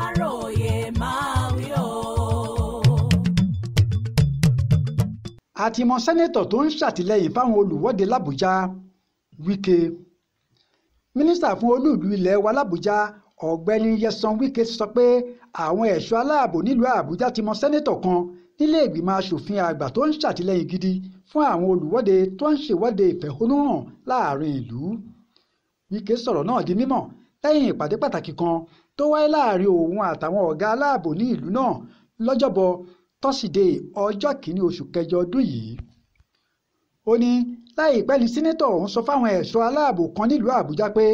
aláròye máa wí o. àtìmọ̀ sẹ́nẹ́tọ̀ tó ń ṣàtìlẹ́yìn fáwọn olùwọ́de làbújá wíkẹ́ mínísítà fún olúùlú ilẹ̀ wa làbújá ọ̀gbẹ́ni yẹsan wíkẹ́ sọ pé àwọn ẹ̀ṣọ́ aláàbò nílùú àbújá ti mọ sẹ́nẹ́tọ̀ kan nílé ìgbìmọ̀ asòfin àgbà tó ń ṣàtìlẹ́yìn gidi fún àwọn olùwọ́de tó ń ṣèwọ́de ìfẹ̀hónúhàn láàrin ìlú wíkẹ́ sọ̀rọ̀ náà di mímọ̀ lẹ́yìn ìpàdé pàtàkì kan tó wáyé láàrin òun àtàwọn ọ̀gá aláàbò ní ìlú náà lọ́jọ́bọ̀ tọ́sídẹ̀ẹ́ ọjọ́ kìíní oṣù kẹjọ ọdún yìí. ó ní láìpẹ́ ni sẹ́nẹ́tọ̀ ọ̀hún sọ fáwọn ẹ̀ṣọ́ aláàbò kan nílùú àbújá pé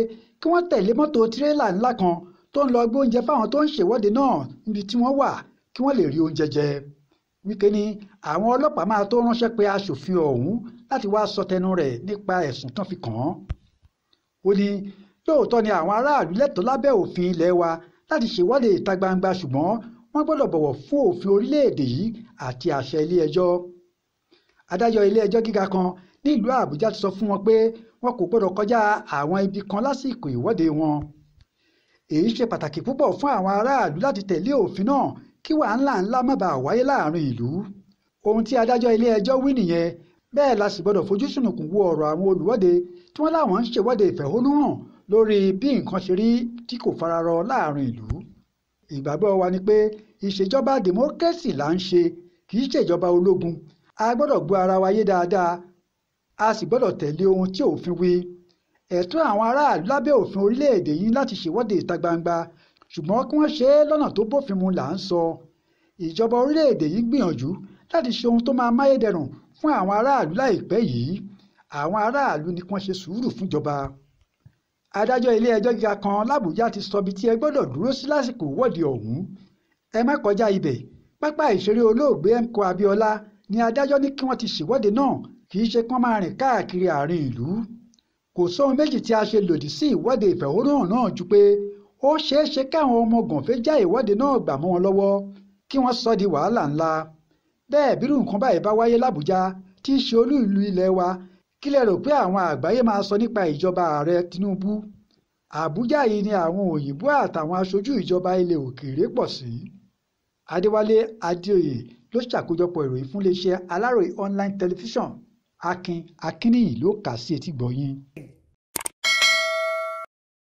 kí wọ́n tẹ̀lé mọ́tò tirẹ́là ńlá kan tó ń lọ gbé oúnjẹ fáwọn tó ń ṣèwọ́de náà níbi tí wọ́n wà kí wọ́n lè rí oúnjẹ jẹ Wike ni àwọn ọlọ́pàá máa tó ránṣẹ́ pé aṣòfin ọ̀hún láti wáá sọ tẹnu rẹ̀ nípa ẹ̀sùn tán fi kàn án ó ní lóòótọ́ ni àwọn aráàlú lẹ́tọ̀ọ́ lábẹ́ òfin ilé wa láti ṣèwọ́de ìta gbangba ṣùgbọ́n wọ́n gbọ́dọ̀ bọ̀wọ̀ fún òfin orílẹ̀-èdè yìí àti àṣẹ ilé-ẹjọ́ adájọ́ ilé-ẹjọ́ gíga kan nílùú àbújá ti sọ fún wọn pé wọn kò gbọ́dọ̀ kọjá àwọn ibi kan lásìkò ìwọ́de wọn èyí ṣe pàtàkì púpọ̀ fún àwọn aráàlú láti tẹ̀lé òfin náà kí wàhálà ńlá má bàa wáyé láàrin ìlú ohun tí adájọ́ ilé-ẹjọ́ wí nìyẹn bẹ́ẹ̀ la sì gbọ́dọ̀ fojú sùnùkùn wo ọ̀rọ̀ àwọn olùwọ́de tí wọ́n láwọn ń lórí bí nǹkan ṣe rí tí kò fararọ láàrin ìlú ìgbàgbọ́ wa ni pé ìṣèjọba democracy là ń ṣe kì í ṣèjọba ológun a gbọ́dọ̀ gbọ́ ara wa yé dáadáa a sì gbọ́dọ̀ tẹ̀lé ohun tí òfin wí ẹ̀tọ́ àwọn aráàlú lábẹ́ òfin orílẹ̀-èdè yìí láti ṣèwọ́de ìta gbangba ṣùgbọ́n kí wọ́n ṣe é lọ́nà tó bófin mu là ń sọ ìjọba orílẹ̀-èdè yìí gbìyànjú láti ṣe ohun tó máa máyédẹrùn fún àwọn aráàlú láìpẹ́ yìí àwọn aráàlú ni kí wọ́n ṣe sùúrù fúnjọba adájọ́ ilé-ẹjọ́ gíga kan làbújá ti sọ ibi tí ẹ gbọ́dọ̀ dúró sí lásìkò ìwọ́de ọ̀hún ẹ má kọjá ibẹ̀ pápá ìṣeré olóògbé MKO Abiola ni adájọ́ ní kí wọ́n ti ṣèwọ́de náà kì í ṣe kí wọ́n máa rìn káàkiri àárín ìlú kò sóhun méjì tí a ṣe lòdì sí ìwọ́de ìfẹ̀hónúhàn náà ju pé ó ṣeé ṣe káwọn ọmọ gànfẹ́ já ìwọ́de náà gbà mọ́ wọn lọ́wọ́ kí wọ́n sọ di wàhálà ńlá bẹ́ẹ̀ bírú nǹkan báyìí bá wáyé làbújá tí í ṣe olú ìlú ilẹ̀ wa kí lẹ rò pé àwọn àgbáyé máa sọ nípa ìjọba ààrẹ Tinubu Àbújá yìí ni àwọn òyìnbó àtàwọn aṣojú ìjọba ilẹ̀ òkèèrè pọ̀ sí Adéwálé Adéoyè ló ṣàkójọpọ̀ ìròyìn fún iléeṣẹ́ Aláròyé online television Akin Akínníyì ló kà á sí etí gbọ̀nyìn.